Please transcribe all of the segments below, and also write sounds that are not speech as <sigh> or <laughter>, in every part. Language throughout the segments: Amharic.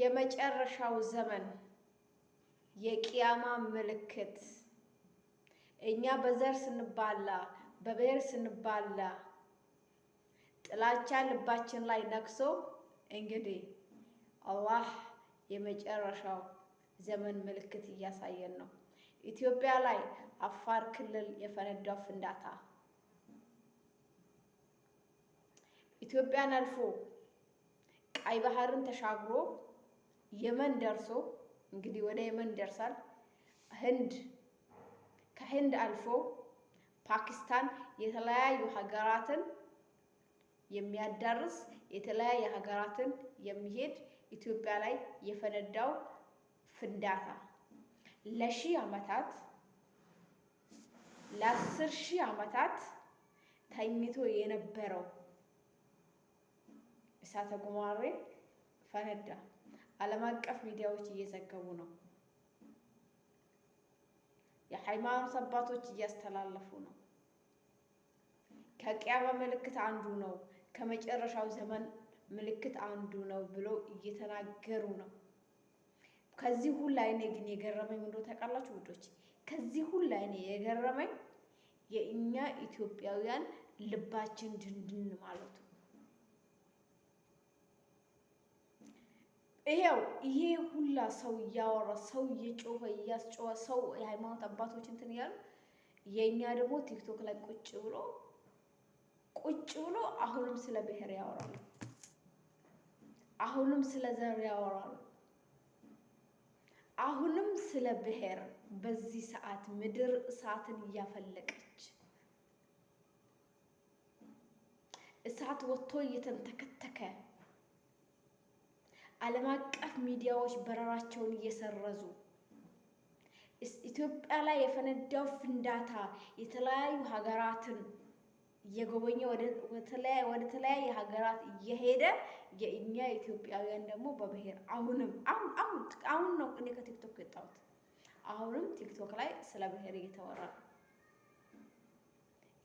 የመጨረሻው ዘመን የቂያማ ምልክት እኛ በዘር ስንባላ በብሔር ስንባላ ጥላቻ ልባችን ላይ ነክሶ እንግዲህ አላህ የመጨረሻው ዘመን ምልክት እያሳየን ነው። ኢትዮጵያ ላይ አፋር ክልል የፈነዳው ፍንዳታ ኢትዮጵያን አልፎ ቀይ ባህርን ተሻግሮ የመን ደርሶ እንግዲህ ወደ የመን ደርሳል። ህንድ ከህንድ አልፎ ፓኪስታን የተለያዩ ሀገራትን የሚያዳርስ የተለያየ ሀገራትን የሚሄድ ኢትዮጵያ ላይ የፈነዳው ፍንዳታ ለሺህ ዓመታት ለአስር ሺህ ዓመታት ተኝቶ የነበረው እሳተ ጉማሬ ፈነዳ። ዓለም አቀፍ ሚዲያዎች እየዘገቡ ነው። የሃይማኖት አባቶች እያስተላለፉ ነው። ከቂያማ ምልክት አንዱ ነው፣ ከመጨረሻው ዘመን ምልክት አንዱ ነው ብሎ እየተናገሩ ነው። ከዚህ ሁላ እኔ ግን የገረመኝ ምንዶ ታውቃላችሁ ውዶች? ከዚህ ሁላ እኔ የገረመኝ የእኛ ኢትዮጵያውያን ልባችን ድንድን ማለቱ ይሄው ይሄ ሁላ ሰው እያወራ ሰው እየጮኸ እያስጮኸ ሰው የሃይማኖት አባቶች እንትን እያሉ የእኛ ደግሞ ቲክቶክ ላይ ቁጭ ብሎ ቁጭ ብሎ አሁንም ስለ ብሔር ያወራሉ፣ አሁንም ስለ ዘር ያወራሉ፣ አሁንም ስለ ብሔር። በዚህ ሰዓት ምድር እሳትን እያፈለቀች እሳት ወጥቶ እየተንተከተከ ዓለም አቀፍ ሚዲያዎች በረራቸውን እየሰረዙ ኢትዮጵያ ላይ የፈነዳው ፍንዳታ የተለያዩ ሀገራትን እየጎበኘ ወደ ተለያየ ሀገራት እየሄደ የእኛ ኢትዮጵያውያን ደግሞ በብሔር አሁንም አሁን አሁን ነው እኔ ከቲክቶክ የወጣሁት። አሁንም ቲክቶክ ላይ ስለ ብሔር እየተወራ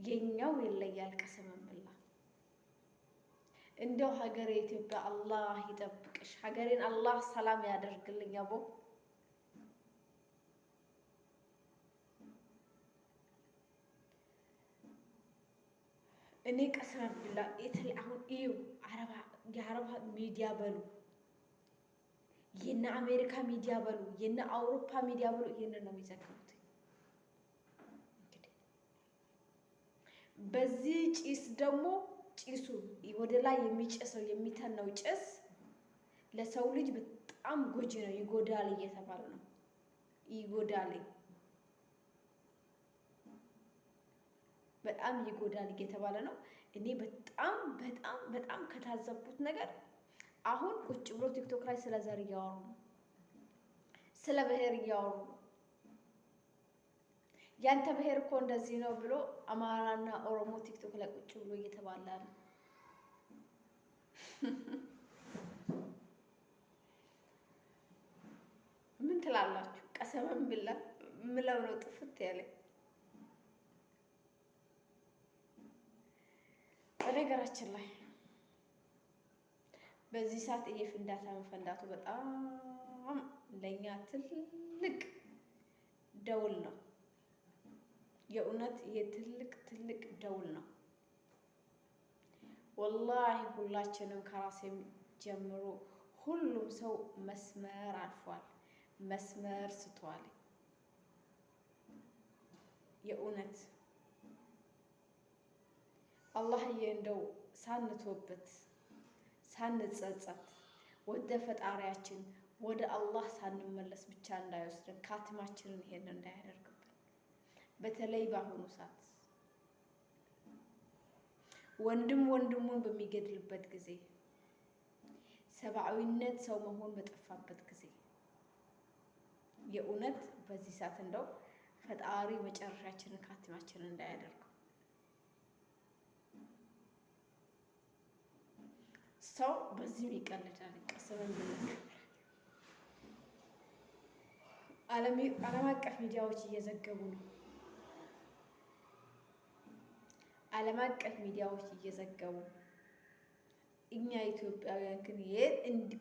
የኛው ይለያል። ቀሰመምላ እንደው ሀገሬ ኢትዮጵያ አላህ ይጠብቅሽ። ሀገሬን አላህ ሰላም ያደርግልኝ። አቦ እኔ ቀስመ ብላ የተለ አሁን እዩ የአረባ ሚዲያ በሉ የነ አሜሪካ ሚዲያ በሉ የነ አውሮፓ ሚዲያ በሉ ይህንን ነው የሚዘግቡት። በዚህ ጭስ ደግሞ ጭሱ ወደ ላይ የሚጨሰው የሚተነው ጭስ ለሰው ልጅ በጣም ጎጂ ነው፣ ይጎዳል እየተባለ ነው። ይጎዳል፣ በጣም ይጎዳል እየተባለ ነው። እኔ በጣም በጣም በጣም ከታዘብኩት ነገር አሁን ቁጭ ብሎ ቲክቶክ ላይ ስለ ዘር እያወሩ ነው፣ ስለ ብሔር እያወሩ ነው። ያንተ ብሔር እኮ እንደዚህ ነው ብሎ አማራና ኦሮሞ ቲክቶክ ላይ ቁጭ ብሎ እየተባላ ነው። ምን ትላላችሁ? ቀሰመን ብላ ምለው ነው ጥፍት ያለ በነገራችን ላይ በዚህ ሰዓት ይሄ ፍንዳታ መፈንዳቱ በጣም ለእኛ ትልቅ ደውል ነው። የእውነት የትልቅ ትልቅ ደውል ነው። ወላሂ ሁላችንም ከራሴም ጀምሮ ሁሉም ሰው መስመር አልፏል፣ መስመር ስቷል። የእውነት አላህዬ እንደው ሳንቶበት ሳንጸጸት ወደ ፈጣሪያችን ወደ አላህ ሳንመለስ ብቻ እንዳይወስደን ካትማችንን ይሄን እንዳያደርግብን በተለይ በአሁኑ ሰዓት ወንድም ወንድሙን በሚገድልበት ጊዜ፣ ሰብአዊነት ሰው መሆን በጠፋበት ጊዜ የእውነት በዚህ ሰዓት እንደው ፈጣሪ መጨረሻችንን ካቲማችንን እንዳያደርገው ሰው በዚህም ይቀልዳል። ቀስምን ብለን ዓለም አቀፍ ሚዲያዎች እየዘገቡ ነው። ዓለም አቀፍ ሚዲያዎች እየዘገቡ እኛ ኢትዮጵያውያን ግን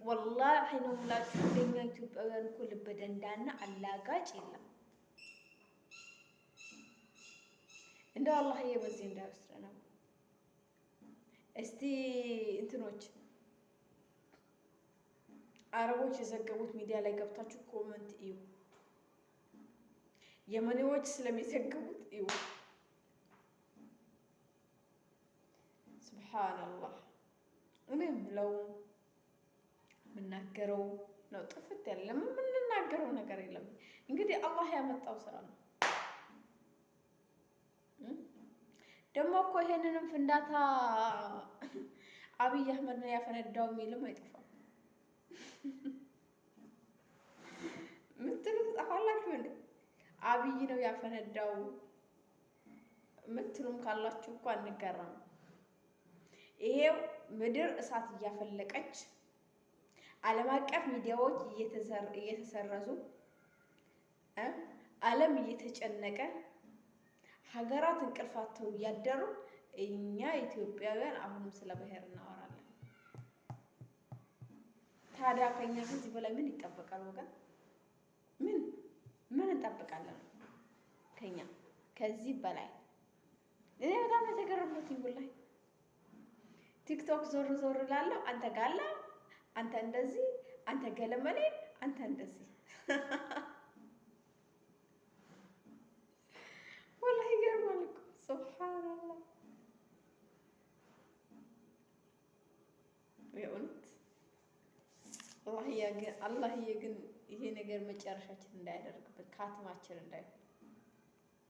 ወላሂ ነው የምላችሁ፣ እኛ ኢትዮጵያውያን እኮ ልበ ደንዳና አላጋጭ የለም። እንደው አላህዬ በዚህ እንዳይወስደን እስቲ እንትኖች አረቦች የዘገቡት ሚዲያ ላይ ገብታችሁ ኮመንት እዩ። የመኔዎች ስለሚዘገቡት እዩ። ሱብሃነላህ እኔ የምለው የምናገረው ነው። ጥፍት ያለ ለምን የምንናገረው ነገር የለም። እንግዲህ አላህ ያመጣው ስራ ነው። ደግሞ እኮ ይሄንንም ፍንዳታ አብይ አህመድ ነው ያፈነዳው የሚልም አይጠፋም። ምትሉ ትጠፋላችሁ እንዴ? አብይ ነው ያፈነዳው ምትሉም ካላችሁ እኮ አንገራም። ይሄው ምድር እሳት እያፈለቀች ዓለም አቀፍ ሚዲያዎች እየተሰረዙ ዓለም እየተጨነቀ ሀገራት እንቅልፋቸው እያደሩ እኛ ኢትዮጵያውያን አሁንም ስለ ብሔር እናወራለን። ታዲያ ከኛ ከዚህ በላይ ምን ይጠበቃል? ወገን ምን ምን እንጠብቃለን ከኛ ከዚህ በላይ? እኔ በጣም የተገረምኩት ይሁን ላይ ቲክቶክ ዞር ዞር እላለሁ። አንተ ጋላ፣ አንተ እንደዚህ፣ አንተ ገለመኔ አንተ እንደዚህ። <laughs> ወላሂ ይገርማል እኮ ሱብሓነላህ። የእውነት አላህዬ ግን ይሄ ነገር መጨረሻችን እንዳያደርግብን ከአትማችን እንዳይሆን